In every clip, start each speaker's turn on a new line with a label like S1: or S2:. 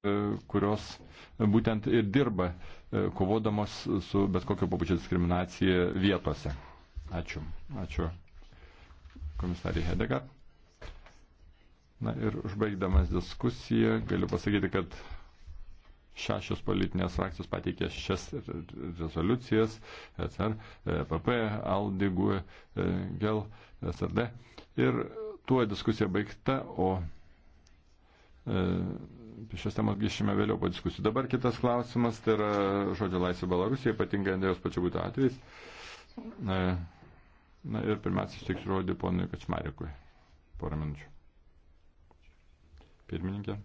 S1: E, kurios būtent ir dirba e, kovodamos su bet kokio pabučio diskriminacija vietose. Ačiū. Ačiū komisarį Hedegą. Na ir užbaigdamas diskusiją galiu pasakyti, kad šešios politinės frakcijos pateikė šias rezoliucijas, ECR, e PP, ALDIGU, GEL, SRD. Ir tuo diskusija baigta, o E, apie šios temos grįšime vėliau po diskusijų. Dabar kitas klausimas, tai yra žodžio laisvė Balarusija, ypatingai Andrėjos pačių būtų atvejais. E, na ir pirmiausia, išteiksiu žodį ponui Kačmarikui. Porą minučių. Pirmininkė,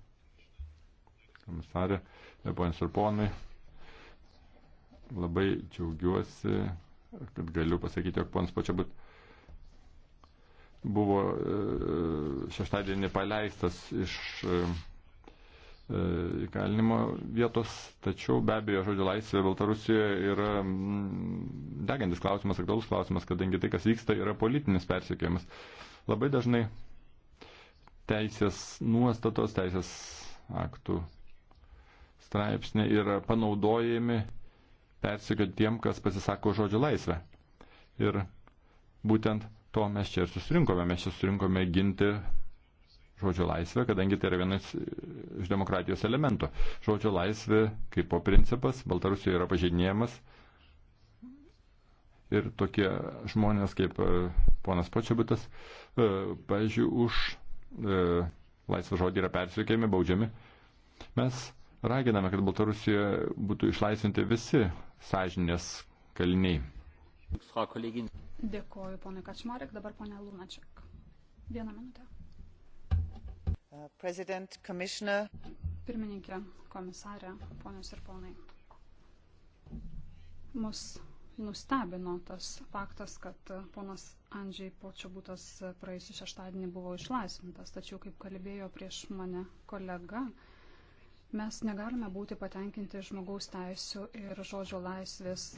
S1: komisarė, e, ponis ir ponai, labai džiaugiuosi, kad galiu pasakyti, jog ponas pačia būtų buvo e, šeštadienį paleistas iš e, e, įkalinimo vietos, tačiau be abejo žodžio laisvė Baltarusijoje yra mm, degantis klausimas, aktualus klausimas, kadangi tai, kas vyksta, yra politinis persiekėjimas. Labai dažnai teisės nuostatos, teisės aktų straipsniai yra panaudojami persikioti tiem, kas pasisako žodžio laisvę. Ir būtent to mes čia ir susirinkome. Mes čia susirinkome ginti žodžio laisvę, kadangi tai yra vienas e, iš demokratijos elementų. Žodžio laisvė kaip po principas Baltarusijoje yra pažeidinėjamas. Ir tokie žmonės kaip e, ponas Počiabutas, e, pažiūrėjau, už laisvą žodį yra persiekėjami, baudžiami. Mes raginame, kad Baltarusijoje būtų išlaisvinti visi sąžinės kaliniai.
S2: Dėkoju, ponai Kačmarek, dabar ponia Lunačiak. Vieną minutę. Uh, Pirmininkė, komisarė, ponios ir ponai. Mus nustebino tas faktas, kad ponas Andžiai Počiobutas praėjusią šeštadienį buvo išlaisvintas, tačiau kaip kalbėjo prieš mane kolega, mes negalime būti patenkinti žmogaus teisų ir žodžio laisvės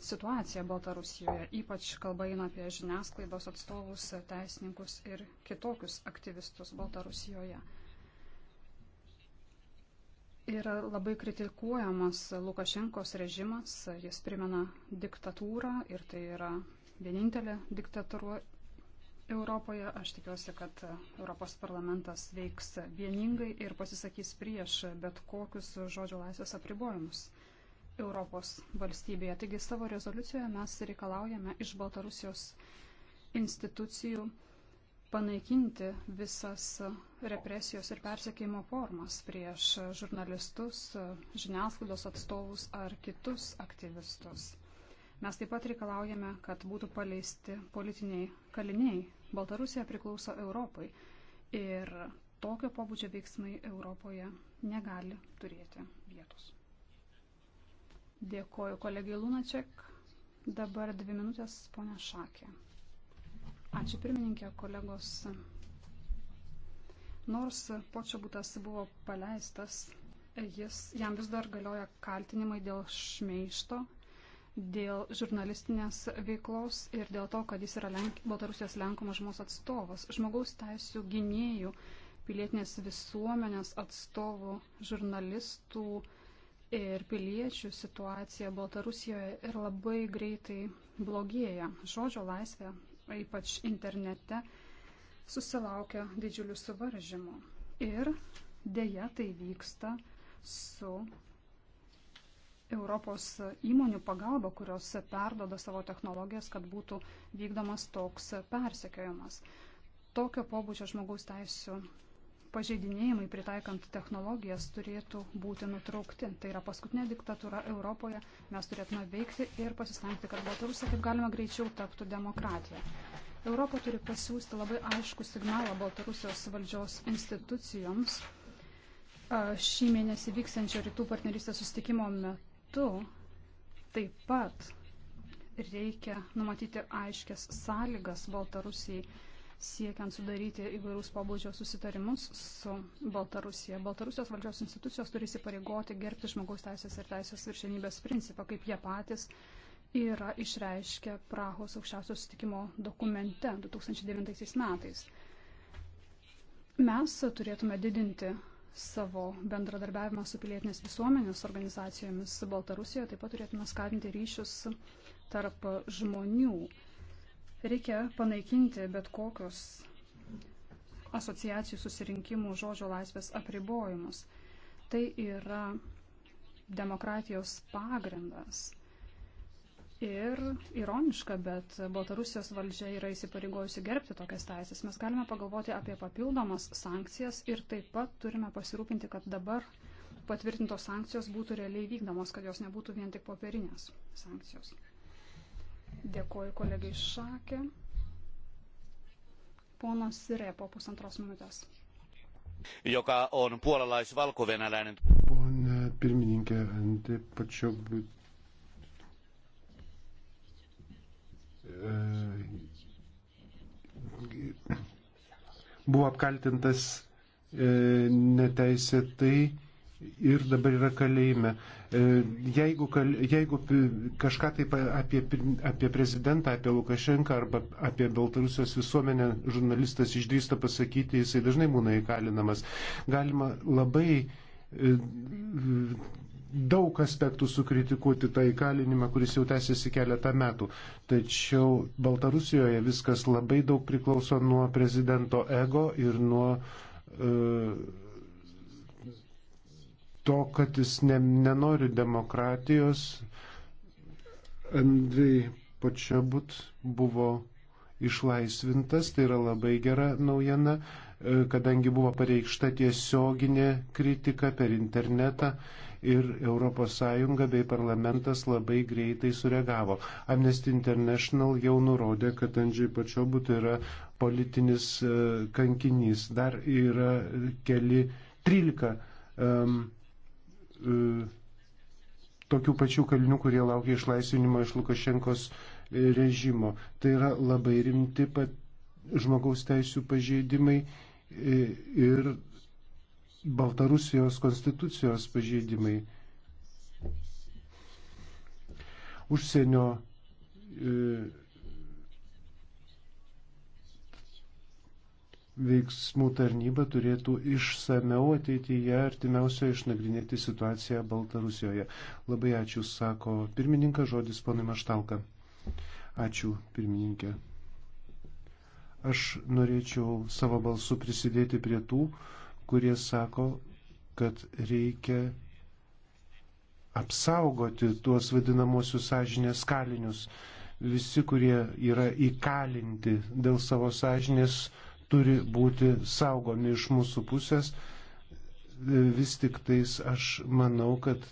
S2: situaciją Baltarusijoje, ypač kalba eina apie žiniasklaidos atstovus, teisininkus ir kitokius aktyvistus Baltarusijoje. Yra labai kritikuojamas Lukašenkos režimas, jis primena diktatūrą ir tai yra vienintelė diktatūra Europoje. Aš tikiuosi, kad Europos parlamentas veiks vieningai ir pasisakys prieš bet kokius žodžio laisvės apribojimus. Europos valstybėje. Taigi savo rezoliucijoje mes reikalaujame iš Baltarusijos institucijų panaikinti visas represijos ir persekėjimo formas prieš žurnalistus, žiniasklaidos atstovus ar kitus aktyvistus. Mes taip pat reikalaujame, kad būtų paleisti politiniai kaliniai. Baltarusija priklauso Europai ir tokio pobūdžio veiksmai Europoje negali turėti vietos. Dėkoju kolegijai Lunačiak. Dabar dvi minutės, ponia Šakė. Ačiū pirmininkė, kolegos. Nors Počiobutas buvo paleistas, jis, jam vis dar galioja kaltinimai dėl šmeišto, dėl žurnalistinės veiklos ir dėl to, kad jis yra Lenk, Baltarusijos Lenkų mažumos atstovas, žmogaus teisų gynėjų, pilietinės visuomenės atstovų, žurnalistų, ir piliečių situacija Baltarusijoje ir labai greitai blogėja. Žodžio laisvė, ypač internete, susilaukia didžiulių suvaržymų. Ir dėja tai vyksta su Europos įmonių pagalba, kurios perdoda savo technologijas, kad būtų vykdomas toks persekiojimas. Tokio pobūdžio žmogaus teisų pažeidinėjimai pritaikant technologijas turėtų būti nutraukti. Tai yra paskutinė diktatūra Europoje. Mes turėtume veikti ir pasistengti, kad Baltarusija kaip galima greičiau taptų demokratija. Europa turi pasiūsti labai aišku signalą Baltarusijos valdžios institucijoms. Šį mėnesį vyksiančio rytų partnerystės sustikimo metu taip pat reikia numatyti aiškias sąlygas Baltarusijai siekiant sudaryti įvairūs pobūdžio susitarimus su Baltarusija. Baltarusijos valdžios institucijos turi įsipareigoti gerbti žmogaus teisės ir teisės viršenybės principą, kaip jie patys yra išreiškę Prahos aukščiausio sutikimo dokumente 2009 metais. Mes turėtume didinti savo bendradarbiavimą su pilietinės visuomenės organizacijomis Baltarusijoje, taip pat turėtume skatinti ryšius tarp žmonių. Reikia panaikinti bet kokius asociacijų susirinkimų žodžio laisvės apribojimus. Tai yra demokratijos pagrindas. Ir ironiška, bet Baltarusijos valdžia yra įsipareigojusi gerbti tokias teisės. Mes galime pagalvoti apie papildomas sankcijas ir taip pat turime pasirūpinti, kad dabar patvirtintos sankcijos būtų realiai vykdomos, kad jos nebūtų vien tik popierinės sankcijos. Dėkuoju kolegai Šakė. Ponas Sirepo, pusantros minutės.
S3: Joka on puolalais-valkovenäläinen. Pone pirmininkė, taip pačiu e, buvo apkaltintas e, neteisėtai ir dabar yra kalėjime. E, jeigu, kal, jeigu kažką taip apie, apie prezidentą, apie Lukašenką arba apie Baltarusijos visuomenę žurnalistas išdrįsta pasakyti, jisai dažnai būna įkalinamas. Galima labai e, daug aspektų sukritikuoti tą įkalinimą, kuris jau tęsiasi keletą metų. Tačiau Baltarusijoje viskas labai daug priklauso nuo prezidento ego ir nuo uh, to, kad jis ne, nenori demokratijos. Andrei Počebut buvo išlaisvintas, tai yra labai gera naujiena, e, kadangi buvo pareikšta tiesioginė kritika per internetą ir ES bei parlamentas labai greitai sureagavo. Amnesty International jau nurodė, kad Andžiai Pačiobut yra politinis e, kankinys. Dar yra keli 13 um, E, tokių pačių kalinių, kurie laukia išlaisvinimo iš Lukašenkos režimo. Tai yra labai rimti pat žmogaus teisų pažeidimai e, ir Baltarusijos konstitucijos pažeidimai. Užsienio e, veiksmų tarnyba turėtų išsameu ateityje artimiausio išnagrinėti situaciją Baltarusijoje. Labai ačiū, sako pirmininkas, žodis ponui Maštalka. Ačiū, pirmininkė. Aš norėčiau savo balsu prisidėti prie tų, kurie sako, kad reikia apsaugoti tuos vadinamosius sąžinės kalinius. Visi, kurie yra įkalinti dėl savo sąžinės, turi būti saugomi iš mūsų pusės. Vis tik tais aš manau, kad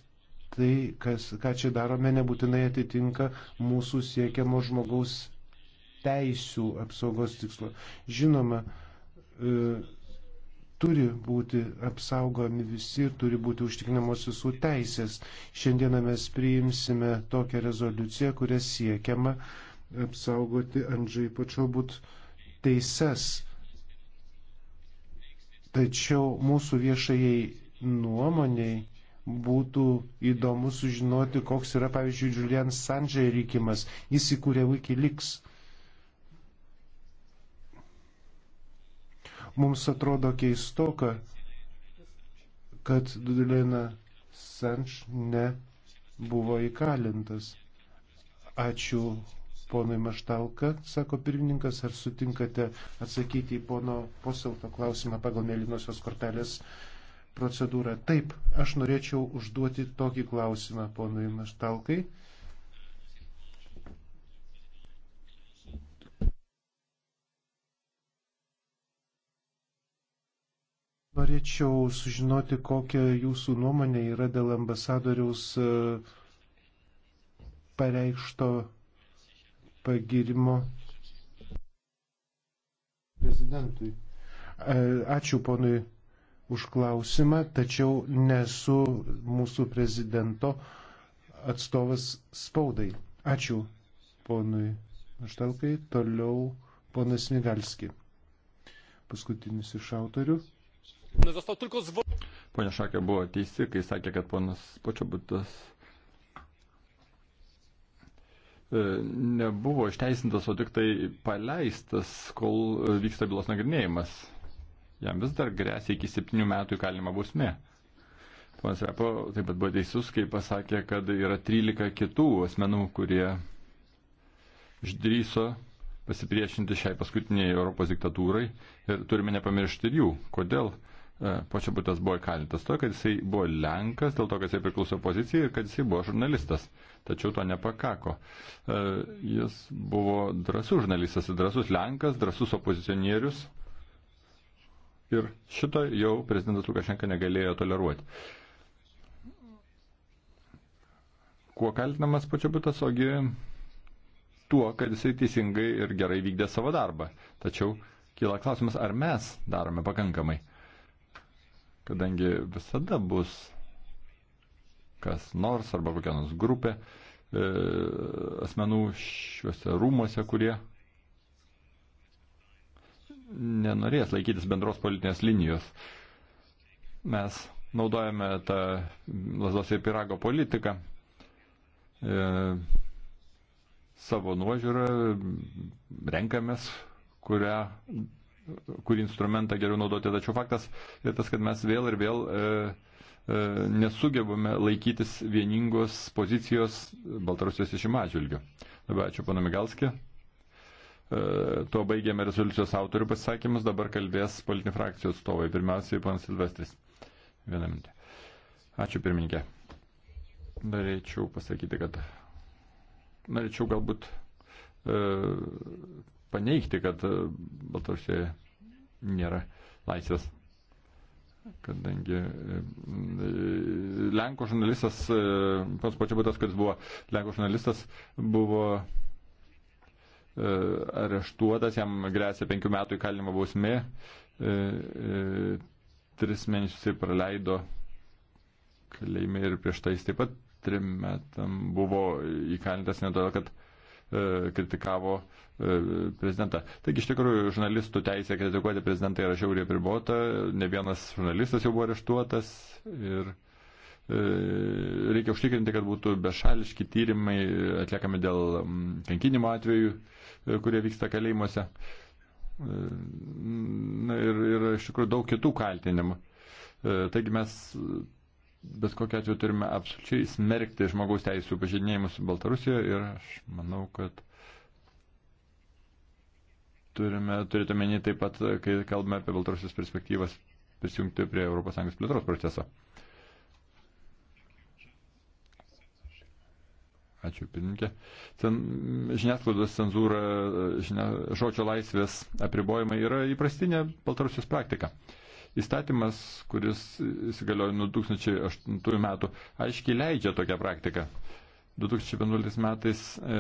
S3: tai, kas, ką čia darome, nebūtinai atitinka mūsų siekiamo žmogaus teisų apsaugos tikslo. Žinoma, e, turi būti apsaugomi visi ir turi būti užtikrinamos visų teisės. Šiandieną mes priimsime tokią rezoliuciją, kuria siekiama apsaugoti Andžiai Pačiobut teises. Tačiau mūsų viešajai nuomoniai būtų įdomu sužinoti, koks yra, pavyzdžiui, Julian Sandžiai reikimas. Jis įkūrė Wikileaks. Mums atrodo keistoka, kad Juliana Sandž nebuvo įkalintas. Ačiū ponui Maštalka, sako pirmininkas, ar sutinkate atsakyti į pono poselto klausimą pagal mėlynosios kortelės procedūrą. Taip, aš norėčiau užduoti tokį klausimą ponui Maštalkai. Norėčiau sužinoti, kokia jūsų nuomonė yra dėl ambasadoriaus e, pareikšto pagirimo prezidentui. E, ačiū ponui už klausimą, tačiau nesu mūsų prezidento atstovas spaudai. Ačiū ponui Maštalkai, toliau ponas Migalski. Paskutinis iš autorių.
S1: Pone Šakė buvo teisi, kai sakė, kad ponas Počiobutas E, nebuvo išteisintas, o tik tai paleistas, kol e, vyksta bylos nagrinėjimas. Jam vis dar grėsia iki septynių metų įkalinimo bausmė. Ponas Repo taip pat buvo teisus, kai pasakė, kad yra 13 kitų asmenų, kurie išdryso pasipriešinti šiai paskutiniai Europos diktatūrai ir turime nepamiršti ir jų. Kodėl? E, Počiobutas buvo įkalintas to, kad jisai buvo lenkas, dėl to, kad jisai priklauso pozicijai ir kad jisai buvo žurnalistas. Tačiau to nepakako. E, jis buvo drasus žurnalistas, drasus lenkas, drasus opozicionierius. Ir šito jau prezidentas Lukašenka negalėjo toleruoti. Kuo kaltinamas Počiobutas, ogi tuo, kad jisai teisingai ir gerai vykdė savo darbą. Tačiau kyla klausimas, ar mes darome pakankamai kadangi visada bus kas nors arba kokia nors grupė e, asmenų šiuose rūmuose, kurie nenorės laikytis bendros politinės linijos. Mes naudojame tą lazdos ir pirago politiką e, savo nuožiūrą, renkamės, kurią kurį instrumentą geriau naudoti. Tačiau faktas tas, kad mes vėl ir vėl e, e, nesugebame laikytis vieningos pozicijos Baltarusijos išimą atžvilgių. Labai ačiū, pana Migalskė. E, tuo baigėme rezoliucijos autorių pasisakymus, dabar kalbės politinių frakcijų atstovai. Pirmiausiai, panas Silvestris. Vieną minutę. Ačiū, pirmininkė. Norėčiau pasakyti, kad norėčiau galbūt e, paneigti, kad e, Baltarusijoje nėra laisvės. Kadangi e, Lenko žurnalistas, e, pats pačiu būtas, kuris buvo Lenko žurnalistas, buvo areštuotas, jam grėsia penkių metų įkalinimo bausmė, tris mėnesius praleido kalėjime ir prieš tai jis taip pat trim metam buvo įkalintas ne todėl, kad E, kritikavo e, prezidentą. Taigi iš tikrųjų žurnalistų teisė kritikuoti prezidentą yra žiauriai pribota, ne vienas žurnalistas jau buvo areštuotas ir e, reikia užtikrinti, kad būtų bešališki tyrimai atliekami dėl kankinimo atvejų, kurie vyksta kalėjimuose. Na, ir, ir iš tikrųjų daug kitų kaltinimų. Taigi mes bet kokia atveju turime absoliučiai smerkti žmogaus teisų pažydinėjimus Baltarusijoje ir aš manau, kad turime turėti omeny taip pat, kai kalbame apie Baltarusijos perspektyvas prisijungti prie ES plėtros proceso. Ačiū, pirmininkė. Ten žiniasklaidos cenzūra, žinia, žodžio laisvės apribojimai yra įprastinė Baltarusijos praktika. Uh, Įstatymas, kuris įsigaliojo nuo 2008 metų, aiškiai leidžia tokią praktiką. 2011 metais e,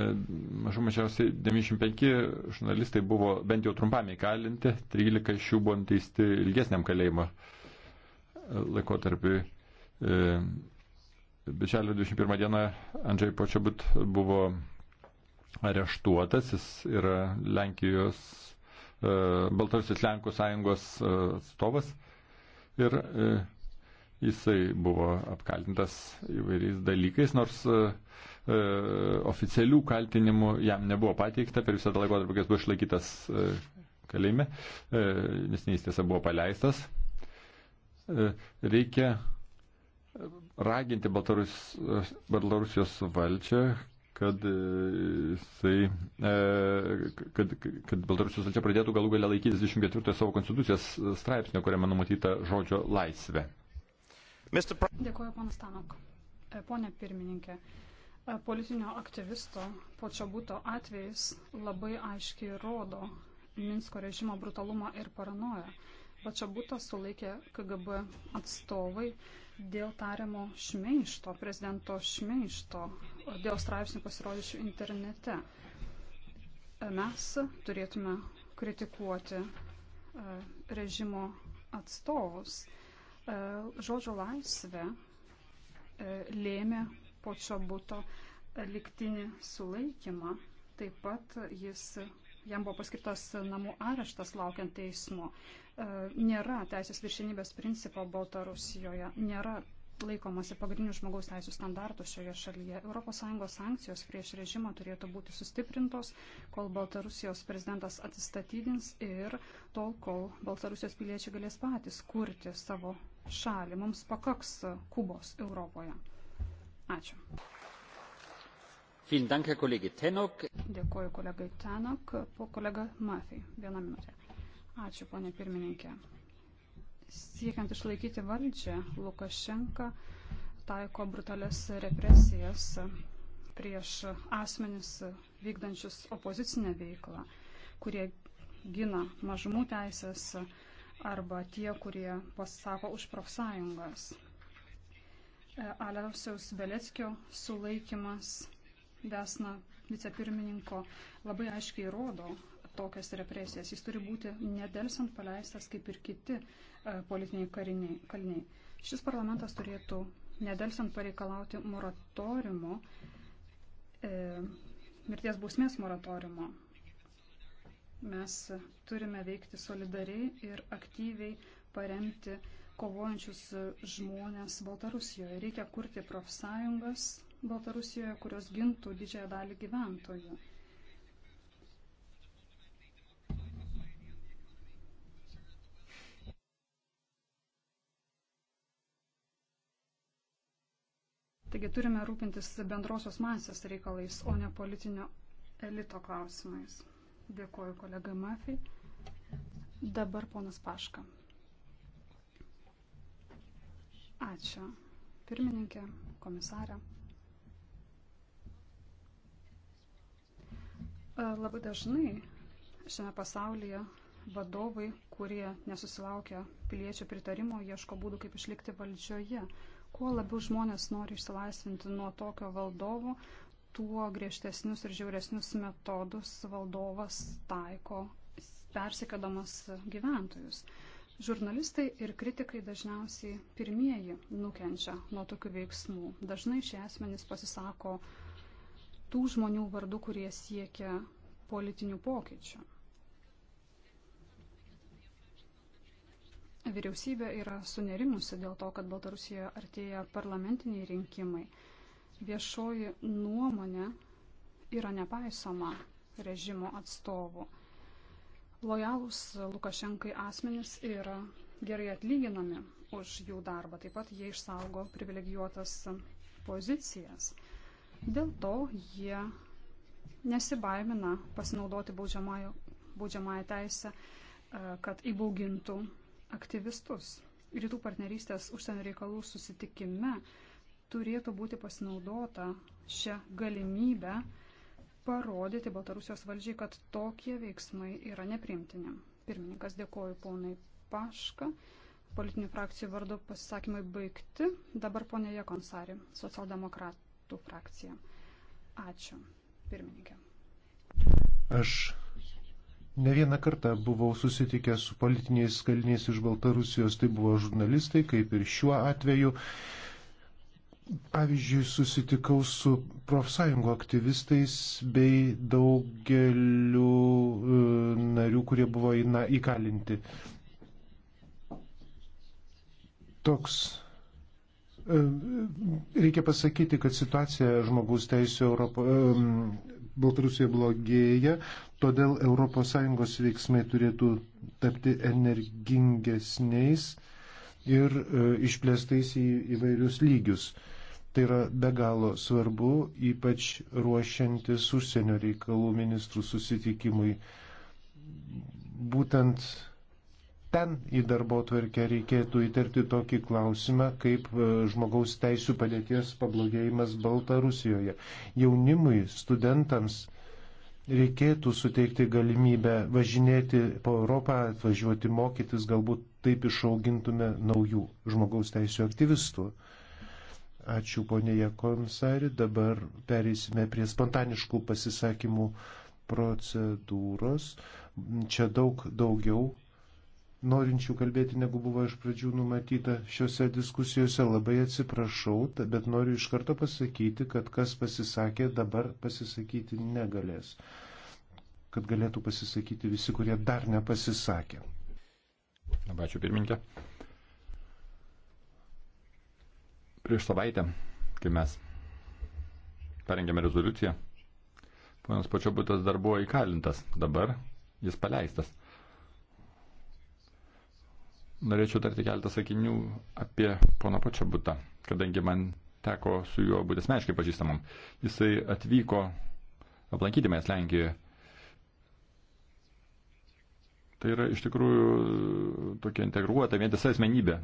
S1: mažų mažiausiai 95 žurnalistai buvo bent jau trumpam įkalinti, 13 iš jų buvo nuteisti ilgesniam kalėjimo laikotarpiui. E, Bičelio 21 dieną Andžiai Počabut buvo areštuotas, jis yra Lenkijos E, Baltarusijos Lenkų sąjungos e, atstovas ir e, jisai buvo apkaltintas įvairiais dalykais, nors oficialių kaltinimų jam nebuvo pateikta, per visą tą laikotarpį, kai jis buvo išlaikytas kalėjime, nes jis tiesa buvo paleistas. Reikia raginti Baltarus, Baltarusijos valdžią, kad, e, jisai, e, kad, kad Baltarusijos valdžia pradėtų galų galę laikytis 24 savo konstitucijos straipsnio, kuriame numatyta žodžio laisvė.
S2: Dėkuoju, panas Tanok. E, Pone pirmininkė, politinio aktyvisto Počiobuto atvejs labai aiškiai rodo Minsko režimo brutalumą ir paranoją. Počiobutas sulaikė KGB atstovai dėl tariamo šmeišto, prezidento šmeišto, dėl straipsnių pasirodyčių internete. Mes turėtume kritikuoti e, režimo atstovus. E, žodžio laisvė e, lėmė po čio būto liktinį sulaikymą. Taip pat jis jam buvo paskirtas namų areštas laukiant teismo. E, nėra teisės viršinybės principo Baltarusijoje, nėra laikomasi pagrindinių žmogaus teisų standartų šioje šalyje. ES sankcijos prieš režimą turėtų būti sustiprintos, kol Baltarusijos prezidentas atsistatydins ir tol, kol Baltarusijos piliečiai galės patys kurti savo šalį. Mums pakaks Kubos Europoje. Ačiū. Dėkuoju kolegai Tenok, po kolega Mafei. Vieną minutę. Ačiū, ponė pirmininkė. Siekiant išlaikyti valdžią, Lukašenka taiko brutales represijas prieš asmenis vykdančius opozicinę veiklą, kurie gina mažumų teisės arba tie, kurie pasisako už profsąjungas. E, Aliausiaus Beleckio sulaikimas Vesna vicepirmininko labai aiškiai rodo tokias represijas. Jis turi būti nedelsant paleistas kaip ir kiti e, politiniai kariniai, kaliniai. Šis parlamentas turėtų nedelsant pareikalauti moratoriumo, e, mirties bausmės moratoriumo. Mes turime veikti solidariai ir aktyviai paremti kovojančius žmonės Baltarusijoje. Reikia kurti profsąjungas, Baltarusijoje, kurios gintų didžiąją dalį gyventojų. Taigi turime rūpintis bendrosios masės reikalais, o ne politinio elito klausimais. Dėkoju kolega Mafijai. Dabar ponas Paška. Ačiū. Pirmininkė, komisarė. Labai dažnai šiame pasaulyje vadovai, kurie nesusilaukia piliečių pritarimo, ieško būdų, kaip išlikti valdžioje. Kuo labiau žmonės nori išsilaisvinti nuo tokio valdovo, tuo griežtesnius ir žiauresnius metodus valdovas taiko, persikėdamas gyventojus. Žurnalistai ir kritikai dažniausiai pirmieji nukenčia nuo tokių veiksmų. Dažnai šie asmenys pasisako uh, tų žmonių vardu, kurie siekia politinių pokyčių. Vyriausybė yra sunerimusi dėl to, kad Baltarusijoje artėja parlamentiniai rinkimai. Viešoji nuomonė yra nepaisoma režimo atstovų. Lojalūs Lukašenkai asmenys yra gerai atlyginami už jų darbą, taip pat jie išsaugo privilegijuotas pozicijas. Dėl to jie nesibaimina pasinaudoti baudžiamąją teisę, e, kad įbaugintų aktyvistus. Rytų partnerystės užsienio reikalų susitikime turėtų būti pasinaudota šią galimybę parodyti Baltarusijos valdžiai, kad tokie veiksmai yra neprimtini. Pirmininkas dėkoju ponai Paška. Politinių frakcijų vardu pasisakymai baigti. Dabar ponė Jekonsari, socialdemokrat demokratų frakcija. Ačiū, pirmininkė.
S3: Aš Ne vieną kartą buvau susitikęs su politiniais kaliniais iš Baltarusijos, tai buvo žurnalistai, kaip ir šiuo atveju. Pavyzdžiui, susitikau su profsąjungo aktyvistais bei daugeliu e, narių, kurie buvo įkalinti. Toks Reikia pasakyti, kad situacija žmogaus teisų Europo, Baltarusijoje blogėja, todėl ES veiksmai turėtų tapti energingesniais ir e, išplėstais į įvairius lygius. Tai yra be galo svarbu, ypač ruošiantis užsienio reikalų ministrų susitikimui. Būtent ten į darbo tvarkę reikėtų įterti tokį klausimą, kaip e, žmogaus teisų padėties pablogėjimas Baltarusijoje. Jaunimui, studentams reikėtų suteikti galimybę važinėti po Europą, atvažiuoti mokytis, galbūt taip išaugintume naujų žmogaus teisų aktyvistų. Ačiū ponė Jakonsari, dabar pereisime prie spontaniškų pasisakymų procedūros. Čia daug daugiau norinčių kalbėti, negu buvo iš pradžių numatyta šiuose diskusijose. Labai atsiprašau, bet noriu iš karto pasakyti, kad kas pasisakė, dabar pasisakyti negalės. Kad galėtų pasisakyti visi, kurie dar nepasisakė. Labai ačiū pirmininkė. Prieš
S1: savaitę, kai mes parengėme rezoliuciją, ponas Pačiobutas dar buvo įkalintas, dabar jis paleistas norėčiau tarti keletą sakinių apie pono pačią būtą, kadangi man teko su juo būti asmeniškai pažįstamam. Jisai atvyko aplankyti mes Lenkijoje. Tai yra iš tikrųjų tokia integruota, vientisa asmenybė.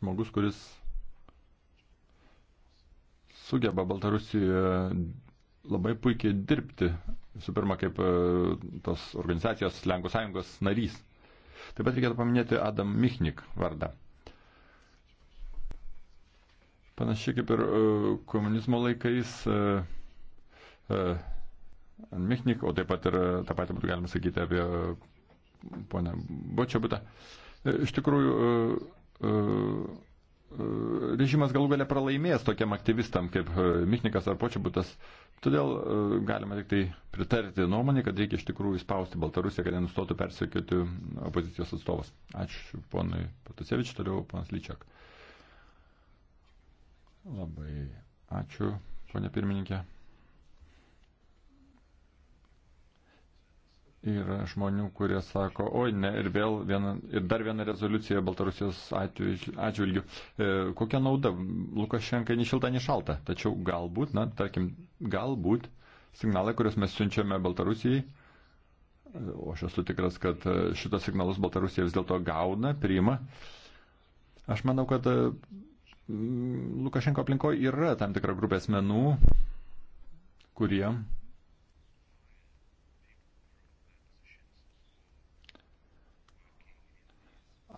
S1: Žmogus, kuris sugeba Baltarusijoje labai puikiai dirbti, visų pirma, kaip e, tos organizacijos Lenkų sąjungos narys. Taip pat reikėtų paminėti Adam Michnik vardą. Panašiai kaip ir e, komunizmo laikais e, e, Michnik, o taip pat ir tą patį būtų galima sakyti apie ponę Bočiabutą. Iš tikrųjų, E, režimas galų galę pralaimės tokiam aktyvistam kaip e, Michnikas ar Počiabutas. Todėl e, galima tik tai pritarti nuomonį, kad reikia iš tikrųjų spausti Baltarusiją, kad nenustotų persekioti opozicijos atstovas. Ačiū ponui Patusevičiu, toliau ponas Lyčiak. Labai ačiū, ponė pirmininkė. Yra žmonių, kurie sako, oi ne, ir, vėl viena, ir dar viena rezoliucija Baltarusijos atžvilgių. E, kokia nauda? Lukašenkai nei šilta, nei šalta. Tačiau galbūt, na, tarkim, galbūt signalai, kuriuos mes siunčiame Baltarusijai, e, o aš esu tikras, kad e, šitos signalus Baltarusija vis dėlto gauna, priima. Aš manau, kad e, Lukašenko aplinkoje yra tam tikra grupė asmenų, kurie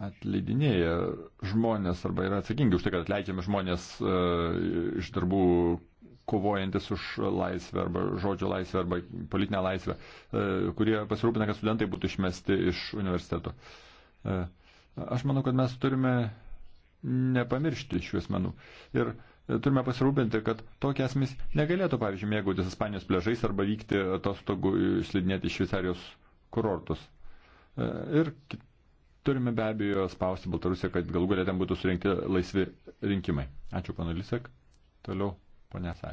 S1: atleidinėja žmonės arba yra atsakingi už tai, kad atleidžiami žmonės e, iš darbų kovojantis už laisvę arba žodžio laisvę arba politinę laisvę, e, kurie pasirūpina, kad studentai būtų išmesti iš universiteto. E, aš manau, kad mes turime nepamiršti šių asmenų. Ir turime pasirūpinti, kad tokie asmenys negalėtų, pavyzdžiui, mėgautis Ispanijos pležais arba vykti atostogų išslidinėti iš Šveicarijos kurortus. E, ir kit turime be abejo spausti Baltarusiją, kad galų galę ten būtų surinkti laisvi rinkimai. Ačiū, pana Lisek. Toliau, ponia Sai.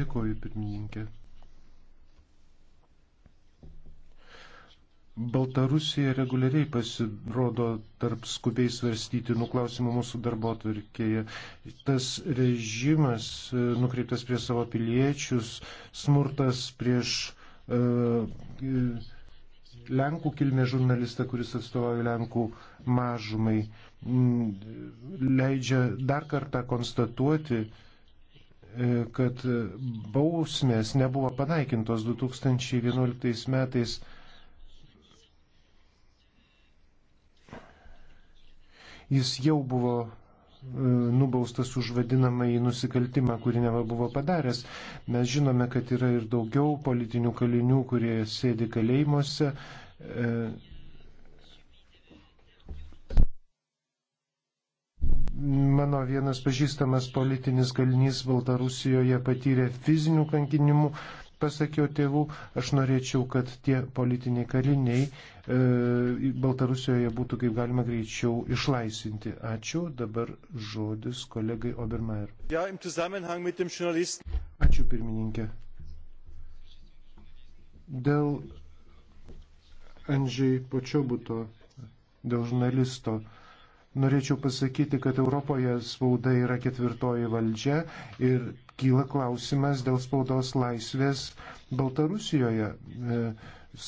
S3: Dėkoju, pirmininkė. Baltarusija reguliariai pasirodo tarp skubiai svarstytinų klausimų mūsų darbo atvirkėje. Tas režimas e, nukreiptas prie savo piliečius, smurtas prieš E, Lenkų kilmė žurnalistą, kuris atstovauja Lenkų mažumai, leidžia dar kartą konstatuoti, e, kad bausmės nebuvo panaikintos 2011 metais. Jis jau buvo nubaustas už vadinamąjį nusikaltimą, kurį neva buvo padaręs. Mes žinome, kad yra ir daugiau politinių kalinių, kurie sėdi kalėjimuose. E, mano vienas pažįstamas politinis kalinys Baltarusijoje patyrė fizinių kankinimų, pasakiau tėvų, aš norėčiau, kad tie politiniai kaliniai e, Baltarusijoje būtų kaip galima greičiau išlaisinti. Ačiū. Dabar žodis kolegai Obermeier. Ačiū pirmininkė. Dėl Andžiai Počiobuto, dėl žurnalisto Norėčiau pasakyti, kad Europoje spauda yra ketvirtoji valdžia ir kyla klausimas dėl spaudos laisvės Baltarusijoje. E,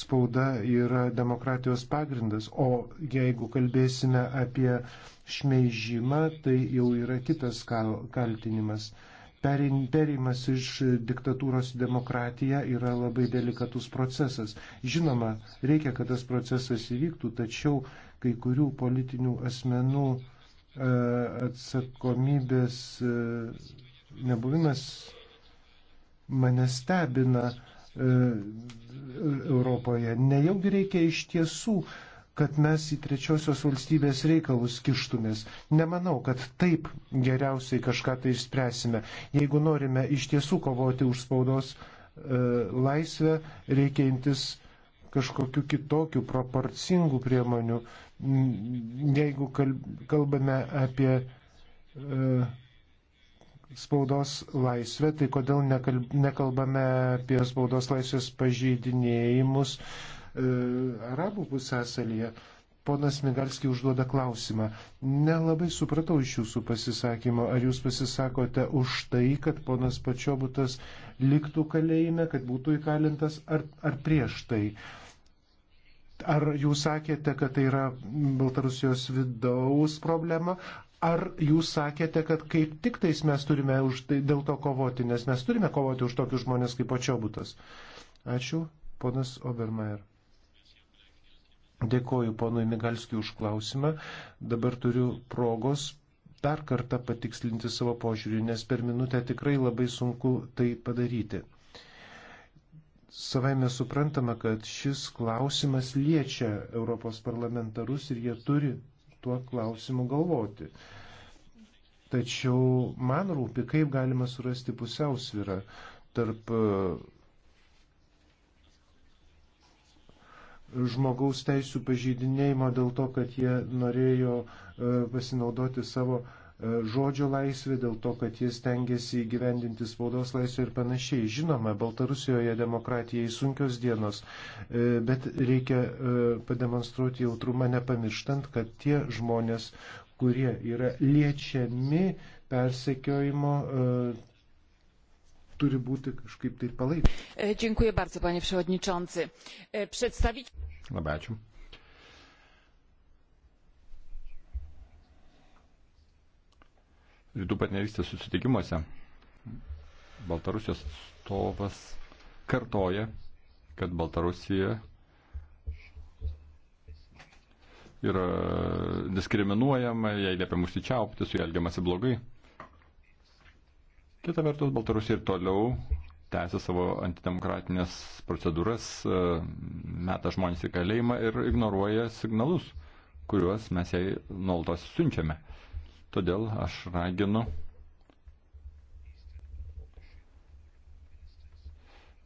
S3: spauda yra demokratijos pagrindas, o jeigu kalbėsime apie šmeižimą, tai jau yra kitas kaltinimas. Perimas iš diktatūros į demokratiją yra labai delikatus procesas. Žinoma, reikia, kad tas procesas įvyktų, tačiau kai kurių politinių asmenų e, atsakomybės e, nebuvimas mane stebina e, Europoje. Nejaugi reikia iš tiesų, kad mes į trečiosios valstybės reikalus kištumės. Nemanau, kad taip geriausiai kažką tai išspręsime. Jeigu norime iš tiesų kovoti už spaudos laisvę, reikia imtis kažkokiu kitokiu proporcingų priemonių. Jeigu kalbame apie e, spaudos laisvę, tai kodėl nekalbame apie spaudos laisvės pažeidinėjimus e, arabų pusėsalyje? Ponas Migalski užduoda klausimą. Nelabai supratau iš jūsų pasisakymo, ar jūs pasisakote už tai, kad ponas Pačiobutas liktų kalėjime, kad būtų įkalintas, ar, ar prieš tai. Uh, Ar jūs sakėte, kad tai yra Baltarusijos vidaus problema, ar jūs sakėte, kad kaip tik tais mes turime už tai dėl to kovoti, nes mes turime kovoti už tokius žmonės kaip Očiobutas? Ačiū, ponas Obermeier. Dėkoju ponui Migalskiu už klausimą. Dabar turiu progos dar kartą patikslinti savo požiūrį, nes per minutę tikrai labai sunku tai padaryti savai mes suprantame, kad šis klausimas liečia Europos parlamentarus ir jie turi tuo klausimu galvoti. Tačiau man rūpi, kaip galima surasti pusiausvyrą tarp e, žmogaus teisų pažydinėjimo dėl to, kad jie norėjo e, pasinaudoti savo uh, E, žodžio laisvė, dėl to, kad jis tengiasi įgyvendinti spaudos laisvę ir panašiai. Žinoma, Baltarusijoje demokratijai sunkios dienos, e, bet reikia e, pademonstruoti jautrumą, nepamirštant, kad tie žmonės, kurie yra liečiami persekiojimo, turi būti kažkaip tai palaikomi.
S2: Dziękuję bardzo, panie przewodniczący. Przedstawić.
S3: Labai ačiū.
S1: rytų partnerystės susitikimuose Baltarusijos atstovas kartoja, kad Baltarusija yra diskriminuojama, jai liepia mus įčiaupti, su jai elgiamasi blogai. Kita vertus, Baltarusija ir toliau tęsia savo antidemokratinės procedūras, meta žmonės į kalėjimą ir ignoruoja signalus, kuriuos mes jai nuolatos siunčiame. Todėl aš raginu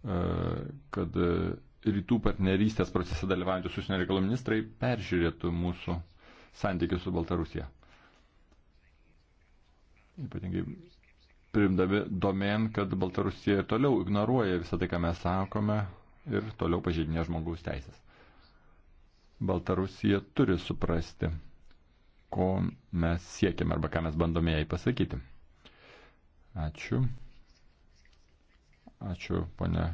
S1: e, kad rytų partnerystės procese dalyvaujantys užsienio reikalų ministrai peržiūrėtų mūsų santykius su Baltarusija. Ypatingai primdami domen, kad Baltarusija toliau ignoruoja visą tai, ką mes sakome ir toliau pažeidinė žmogaus teisės. Baltarusija turi suprasti ko mes siekiame arba ką mes bandome jai pasakyti. Ačiū. Ačiū, ponė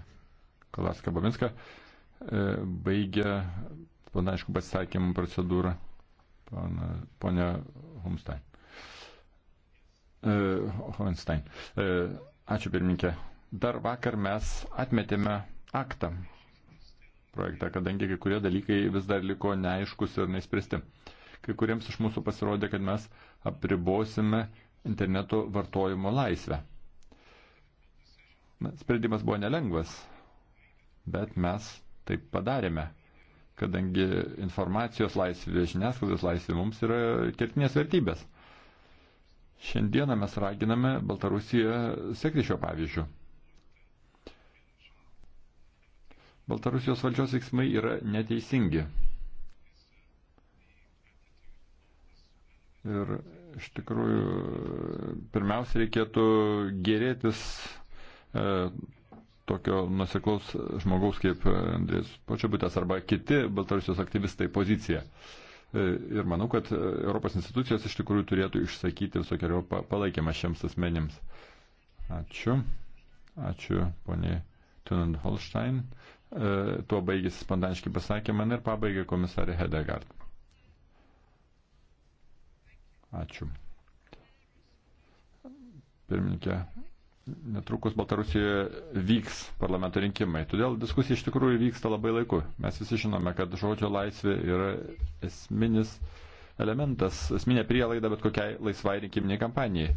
S1: Kalaska Babinska. E, baigia, pana, aišku, pasisakymų procedūrą, ponė Homstein. E, Hohenstein. E, ačiū, pirminkė. Dar vakar mes atmetėme aktą projektą, kadangi kai kurie dalykai vis dar liko neaiškus ir neįspręsti kai kuriems iš mūsų pasirodė, kad mes apribosime interneto vartojimo laisvę. Na, sprendimas buvo nelengvas, bet mes taip padarėme, kadangi informacijos laisvė, žiniasklaidos laisvė mums yra kertinės vertybės. Šiandieną mes raginame Baltarusiją sekti šio pavyzdžių. Baltarusijos valdžios veiksmai yra neteisingi. Ir iš tikrųjų pirmiausia reikėtų gerėtis e, tokio nusiklaus žmogaus kaip Andrės Počiabutės arba kiti Baltarusijos aktyvistai poziciją. E, ir manau, kad Europos institucijos iš tikrųjų turėtų išsakyti visokiojo palaikymą šiems asmenims. Ačiū. Ačiū, poniai Tunand Holstein. E, tuo baigėsi spontaniški pasakymai ir pabaigė komisarė Hedegard. Ačiū. Pirmininkė, netrukus Baltarusijoje vyks parlamento rinkimai, todėl diskusija iš tikrųjų vyksta labai laiku. Mes visi žinome, kad žodžio laisvė yra esminis elementas, esminė prielaida bet kokiai laisvai rinkiminiai kampanijai.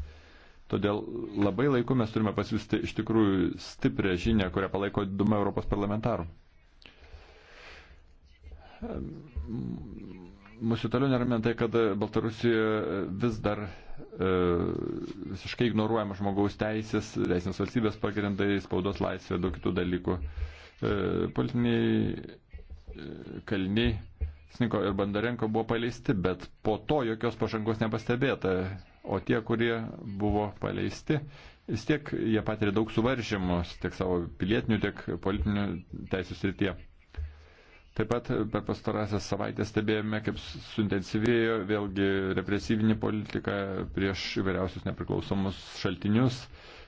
S1: Todėl labai laiku mes turime pasiūsti iš tikrųjų stiprią žinę, kurią palaiko duma Europos parlamentarų. Mūsų toliau neramintai, kad Baltarusijoje vis dar e, visiškai ignoruojama žmogaus teisės, teisinės valstybės pagrindai, spaudos laisvė, daug kitų dalykų. E, politiniai e, kaliniai Sniko ir Bandarenko buvo paleisti, bet po to jokios pažangos nepastebėta. O tie, kurie buvo paleisti, vis tiek jie patiria daug suvaržymus tiek savo pilietinių, tiek politinių teisų srityje. Taip pat per pastarąsias savaitės stebėjome, kaip suintensyvėjo vėlgi represyvinė politika prieš įvairiausius nepriklausomus šaltinius,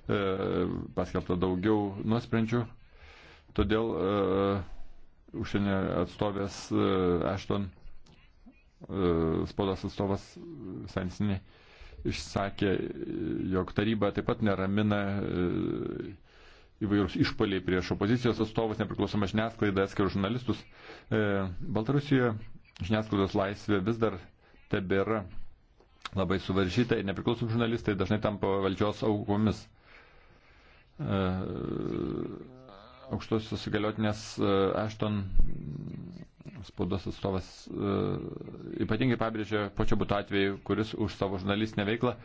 S1: e, paskelbta daugiau nuosprendžių. Todėl e, užsienio atstovės e, Ashton, e, spaudos atstovas Sensinė, išsakė, jog taryba taip pat neramina. E, įvairūs išpaliai prieš opozicijos atstovus, nepriklausomą žiniasklaidą, atskirus žurnalistus. E, Baltarusijoje žiniasklaidos laisvė vis dar tebėra labai suvaržyta ir nepriklausomi žurnalistai dažnai tampa valdžios aukomis. E, Aukštosios įgaliotinės e, Ashton spaudos atstovas ypatingai pabrėžė počio būtų atveju, kuris už savo žurnalistinę veiklą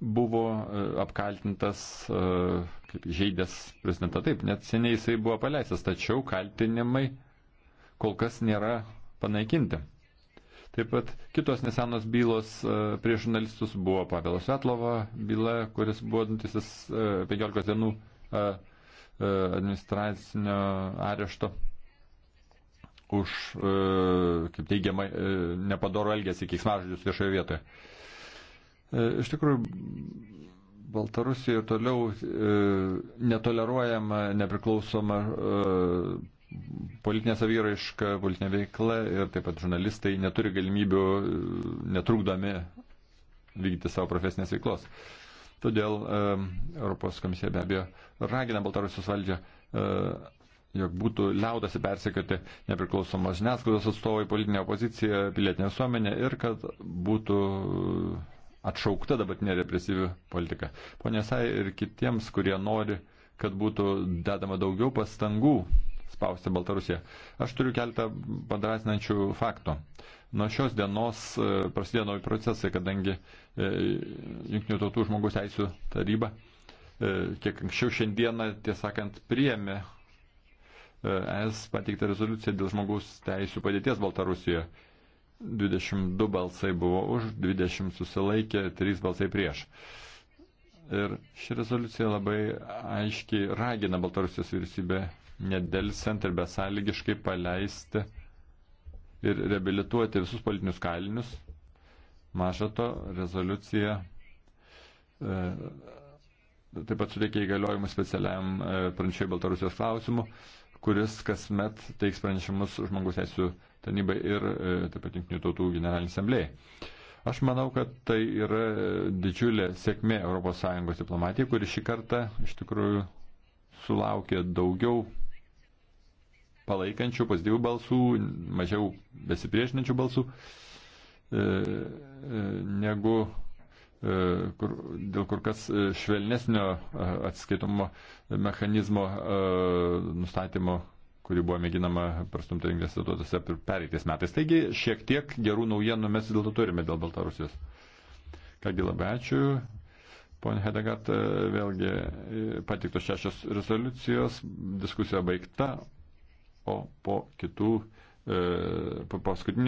S1: buvo e, apkaltintas, e, kaip žaidęs prezidentą, taip, net seniai jisai buvo paleistas, tačiau kaltinimai kol kas nėra panaikinti. Taip pat kitos nesenos bylos e, prieš žurnalistus buvo Pavelos Svetlovo byla, kuris buvo nutisas 15 dienų administracinio arešto už, kaip teigiama, nepadoro elgesį keiksmažodžius viešoje vietoje. E, iš tikrųjų, Baltarusija ir toliau e, netoleruojama nepriklausoma e, politinė savyraiška, politinė veikla ir taip pat žurnalistai neturi galimybių netrukdomi vykdyti savo profesinės veiklos. Todėl Europos komisija be abejo ragina Baltarusijos valdžią, jog būtų liaudasi persekioti nepriklausomos žiniasklaidos atstovai, politinė opozicija, pilietinė visuomenė ir kad būtų atšaukta dabartinė represyvi politika. Pone Sai ir kitiems, kurie nori, kad būtų dedama daugiau pastangų spausti Baltarusiją. Aš turiu keletą padrasinančių faktų. Nuo šios dienos e, prasidėjo nauji procesai, kadangi e, Junktinių tautų žmogus teisų taryba e, kiek anksčiau šiandieną, tiesąkant, priėmė ES pateiktą rezoliuciją dėl žmogaus teisų padėties Baltarusijoje. 22 balsai buvo už, 20 susilaikė, 3 balsai prieš. Ir ši rezoliucija labai aiškiai ragina Baltarusijos vyriausybę nedelsiant ir besąlygiškai paleisti ir reabilituoti visus politinius kalinius. Maža to, rezoliucija e, taip pat suteikia įgaliojimų specialiam e, pranešėjui Baltarusijos klausimu. E, kuris kasmet teiks pranešimus žmogaus teisų tarnybai ir e, taip pat Junktinių tautų generalinį asamblėjai. Aš manau, kad tai yra didžiulė sėkmė ES diplomatijai, kuri šį kartą iš tikrųjų sulaukė daugiau palaikančių, pozityvių balsų, mažiau besipriešinančių balsų e, e, negu E, kur, dėl kur kas e, švelnesnio e, atskaitomo mechanizmo nustatymo kuri buvo mėginama prastumti investuotuose pereitais metais. Taigi šiek tiek gerų naujienų mes dėl to turime dėl Baltarusijos. Kągi labai ačiū. Pone Hedegat, vėlgi patiktos šešios rezoliucijos, diskusija baigta, o po kitų, po paskutinių.